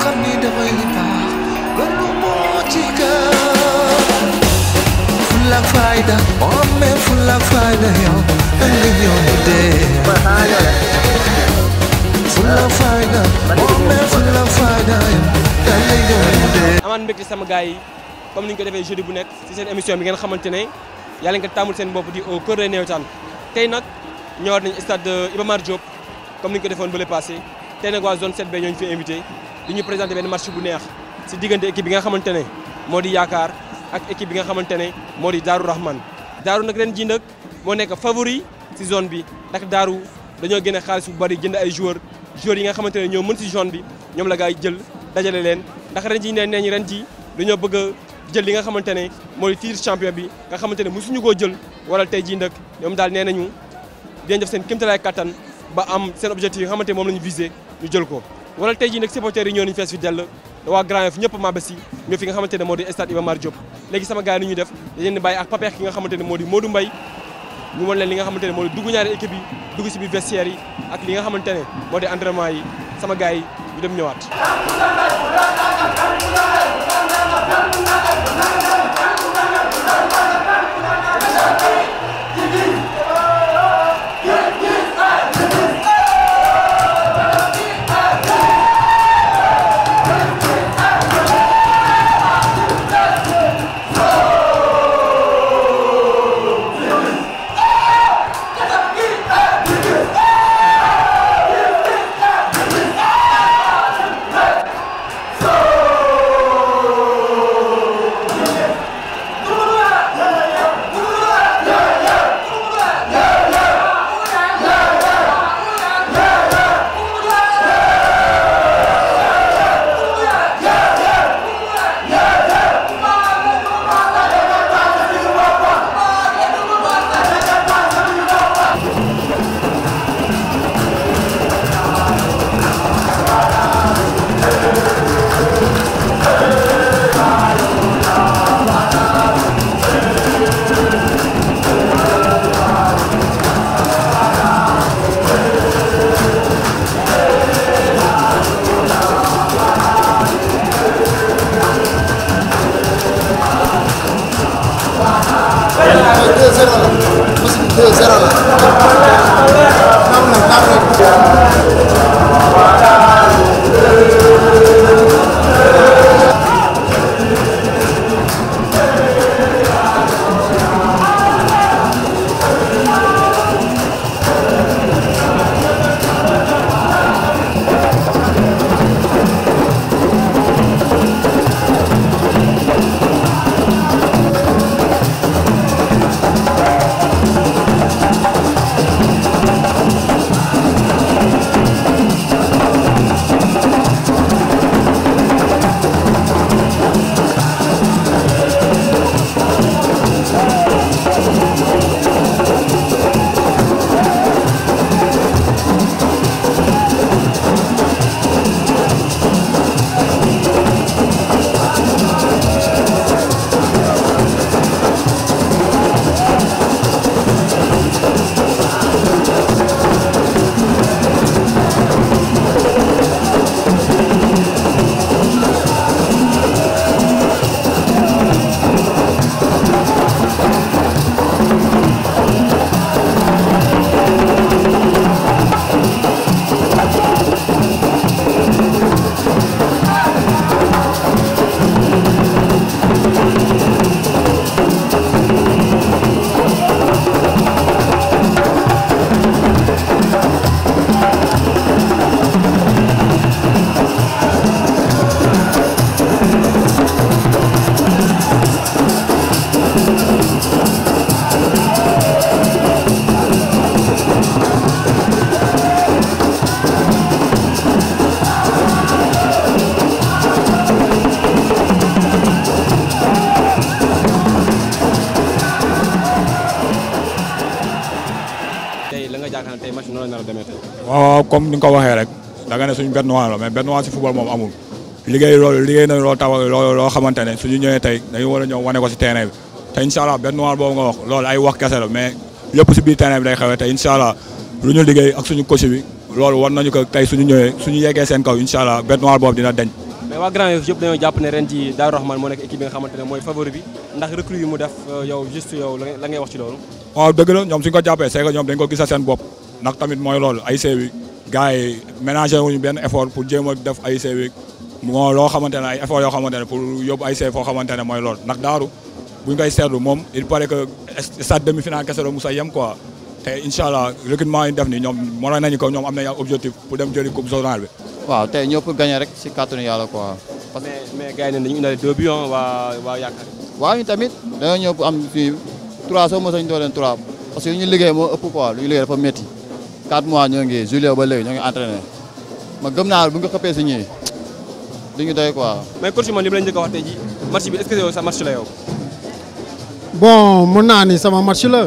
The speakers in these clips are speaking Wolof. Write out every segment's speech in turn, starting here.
xam ni dafay baax loolu moo ci sama gars yi comme ni ñu ko defee jeudi bu nekk ci seen émission bi ngeen xamante ne yàlla nga tàmmul seen bopp di au cœur des navétanes tey nag ñëwaat nañu stade Iba Mar comme ni ñu ko defoon bële passé tey nag waa zone 7B ñoo ñu fi invité. du ñu présenté benn match bu neex si diggante équipe bi nga xamante ne moo di yaakaar ak équipe bi nga xamante ne moo di Daaru Rahman Daaru nag ren jii nag moo nekk favori si zone bi ndax Daaru dañoo génne xaalis bu bari jënd ay joueurs joueurs yi nga xamante ne ñoo mën si zone bi ñoom la gaay jël dajale leen ndax ren jii nee nañ ren jii dañoo bëgg a jël li nga xamante ne mooy titre champion bi nga xamante ne mosuñu koo jël wala tey jii nag ñoom daal nee nañu dinañ def seen kéemtalaay kattan ba am seen objectif xamante moom la ñu visé jël ko. wala tey jii nag supporters yi ñoo nañu fees fi dell waa Grand Yoff ñëpp maa basi ñoo fi nga xamante ne moo di stade Iba Mar léegi sama gars yi ñuy def dañ leen di bàyyi ak papeex ki nga xamante ne moo di Modou ñu wan leen li nga xamante ne moo di dugg ñaari équipe yi dugg si biir vestiaire yi ak li nga xamante ne moo di entraînement yi sama gars yi ñu dem ñëwaat zéro la machine deux zéro la naam na naam na comme ni nga ko waxee rek da nga ne suñu benn waa mais benn waa si football moom amul liggéey loolu liggéey nañ loo taw loo loo xamante ne suñu ñëwee tey dañu war a ñëw wane ko si terrain bi te incha allah benn waa boobu nga wax loolu ay wax kese la mais lépp si biir terrain ñu liggéey ak suñu coach bi loolu war nañu ko tey suñu ñëwee suñu yeggee seen kaw incha allah benn waa boobu dina deñ mais waa Grand Yoff yëpp dañoo jàpp ne ren ji Daaru Rahman moo nekk équipe nga xamante mooy favori bi ndax recrue yi mu def euh, yow juste yow la ngay wax ci loolu waaw dëgg la ñoom suñu ko jàppee c'est que ñoom dañ ko gisa seen bopp ndax tamit mooy loolu ay gars yi ménager wuñu ben effort pour jéem a def ASC moo loo xamante ne ay effort yoo xamante ne pour yóbbu ASC foo xamante ne mooy loolu ndax daaru buñ koy seetlu moom il paraît que stade demi finale kese la Moussa yem quoi te incha allah recrutement yi def ni ñoom mënoon nañu ko ñoom am nañu objectif pour dem jëli coupe zonale bi. waaw tey ñoo pour gagné rek si kàttanu yàlla quoi. parce que mais gars yi dañu indaale ah waa waa waaw ñu tamit dañoo a ñu doon leen trois parce 4 mois ñoo ngi juillet ba léegi ñoo ngi entraîné ma gëm naa bu nga xëppee si ñii du ñu day quoi. mais coach ma leen njëkk a wax tey jii la bon mun naa ni sama match la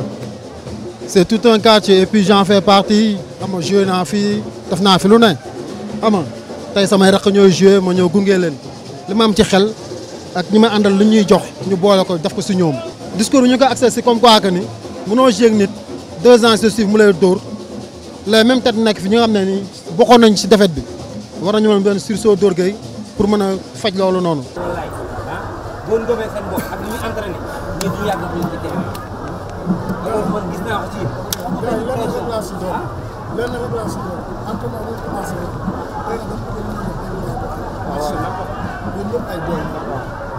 c'est tout un quartier et puis j'en fais partie xam nga joué naa fi def naa fi lu ne xam tey samay rakk ñooy joué ma ñëw gunge leen li ma am ci xel ak ñi ma àndal lu ñuy jox ñu boole ko def ko si ñoom. discours ñu ko accès si comme quoi que ni mënoo jéeg nit deux ans suivre mu lay dóor. les mêmes têtes nekk fi ñi nga xam ne nii bokkoon nañ ci défaite bi war nañu mën benn sursaut d'orgueil pour mën a faj loolu noonu.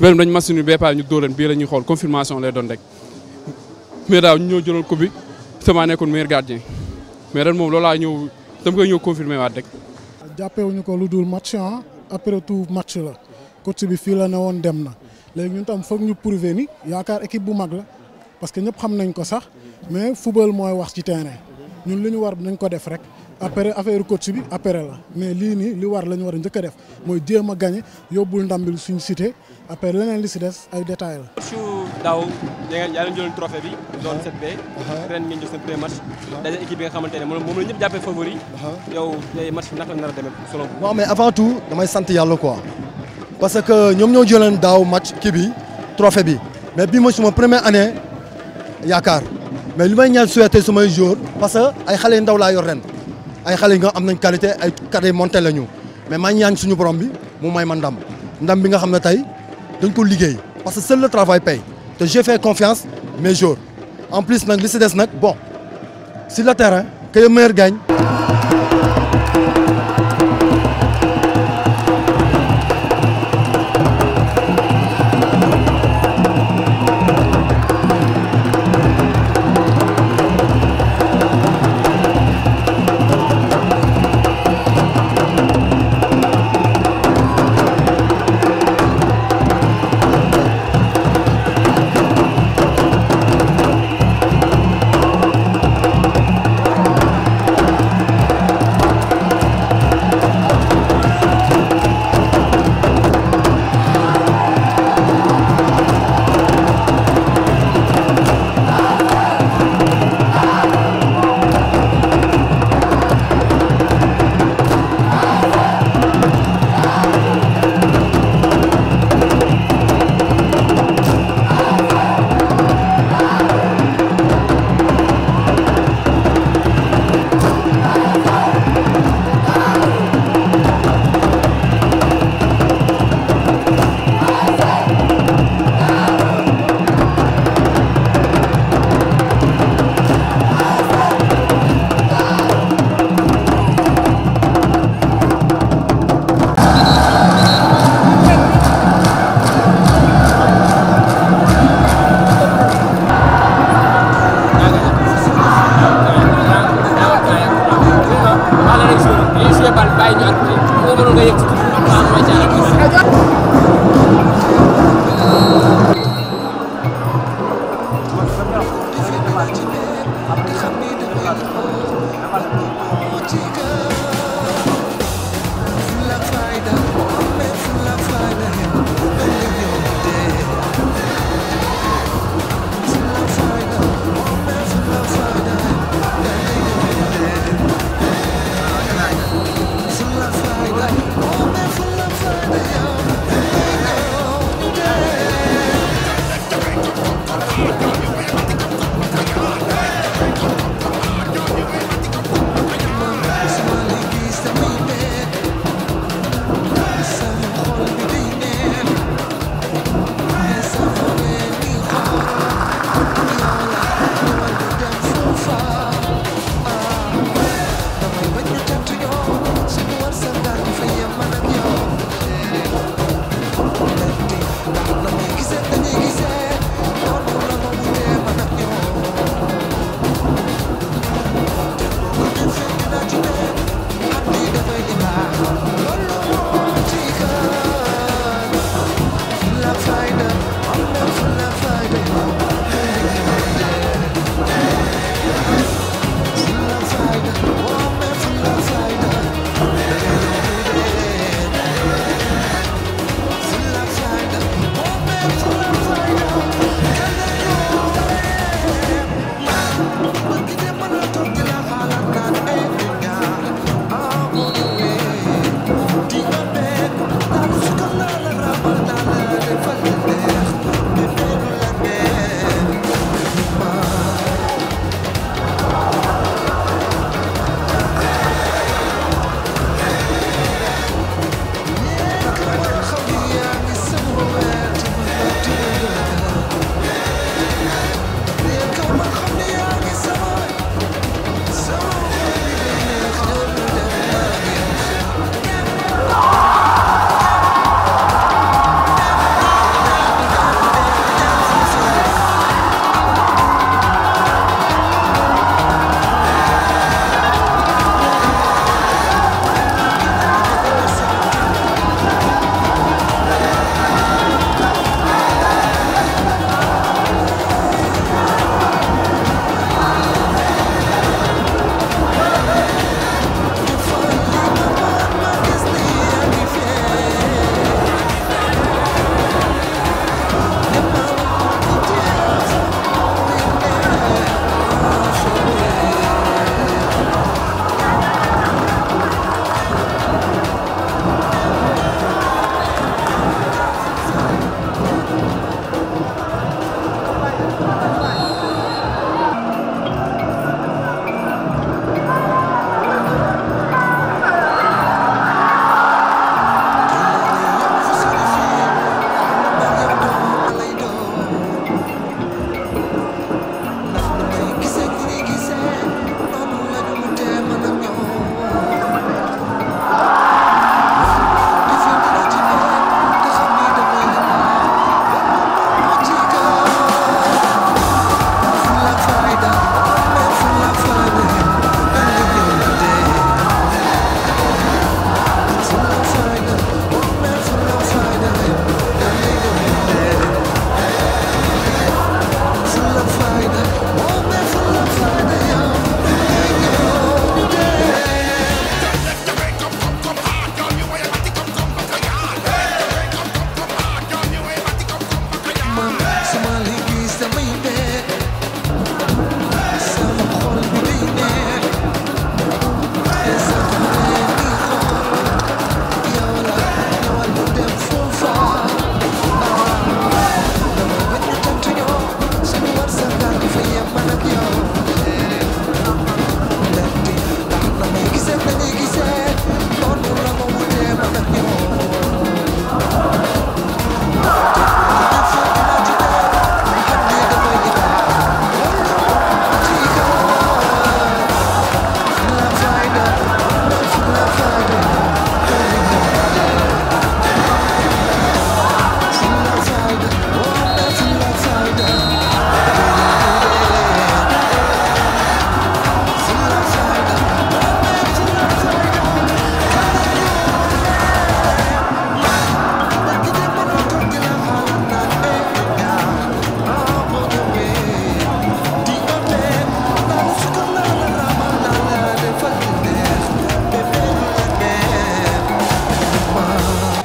wérum dañ match nul bee paase ñu dóor bii la ñuy xool confirmation lay doon rek mais daaw ñu ñëw jëlal coupe bi sama nekkoon meilleur gardien mais rek moom laa ñëw dam koy ñëw confirmer waat rek. jàppewuñu ko lu dul match ah après tout match la coach bi fii la ne woon dem na léegi ñun tam foog ñu prouver ni yaakaar équipe bu mag la parce que ñëpp xam nañ ko sax mais football mooy wax ci terrain ñun li ñu war nañ ko def rek. après affaire coach bi après la mais lii nii li war lañu war a njëkk a def mooy jéem a gagné yóbbul ndambil suñu cité après leneen li si des ay détails la. coach daaw yaa leen jëloon trophée bi. match. daje équipe bi nga xamante ne moom la ñëpp jàppee favori. yow tey match bi la nar a demee selon vous. non avant tout damay sant yàlla quoi. parce que ñoom ñoo jëloon daaw match kii bi trophée bi mais bii ma suma première année yaakaar mais li may ñaan souhaité sumay jour parce que ay xale yu ndaw laa yor ren. ay xale yi nga am nañ qualité ay carré monté la ñu mais maa ngi ñaan suñu borom bi mu may ma ndam ndam bi nga xam ne tey dañ ko liggéey parce que seul le travail paye te j'ai fait confiance mais jours en plus nag li si des nag bon si le terrain que le meilleur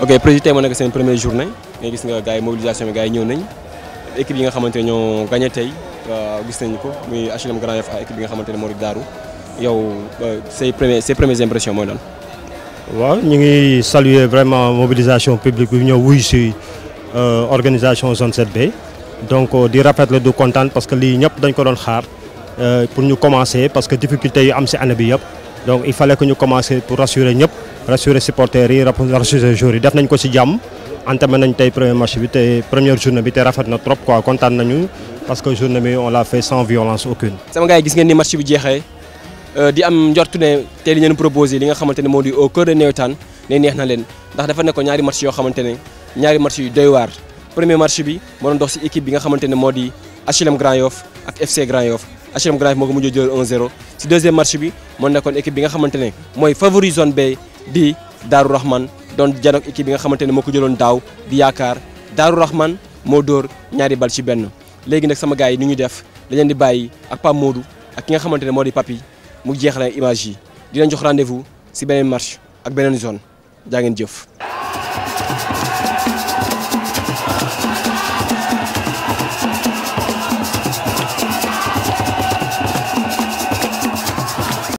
ok projet tey moo nekk seen journée nga gis nga gars yi mobilisation bi gars yi ñëw nañ équipe yi nga xamante ne ñoo gagné tey gis nañu ko muy HLM Grand Yoff équipe bi nga xamante ne moo di Daaru yow euh, say premiers ses premières impressions mooy lan. waaw ñu ngi saluer vraiment mobilisation publique bi ñëw wuy si euh, organisation zone 7 donc euh, di rafetlu du kontaan parce que lii ñëpp dañ ko doon xaar pour ñu commencer parce que difficulté yi am si année bi yëpp. donc il fallait que ñu commencer pour rassurer ñëpp rassurer supporters yi rassurer joueurs yi def nañ ko ci jàmm entamé nañ tey premier match bi te première journée bi te rafet na trop quoi kontaan nañu parce que journée bi on l'a fait sans violence aucune. sama gars yi gis ngeen ni match bi jeexee euh, di am njortu ne tey li ngeen proposé li nga xamante ne moo di au cœur de Navétane ne neex na leen ndax dafa nekk ñaari match yoo xamante ne ñaari match yu doy waar premier bi moo doon dox bi nga xamante ne moo di HLM Grand Yoff ak HLM Grand Yoff moo ko mujjee jël 1-0 si deuxième match bi moo nekkoon équipe bi nga xamante ne mooy favori zone B di Darou Rahman doon janook équipe bi nga xamante ne moo ko jëloon daaw di yaakaar Darou Rahman moo dóor ñaari bal ci benn. léegi nag sama gars yi ni ñu def dañ di bàyyi ak Pape Modou ak ki nga xamante ne moo di Papi mu jeexale image yi di jox rendez-vous si beneen match ak beneen zone jaa ngeen jëf.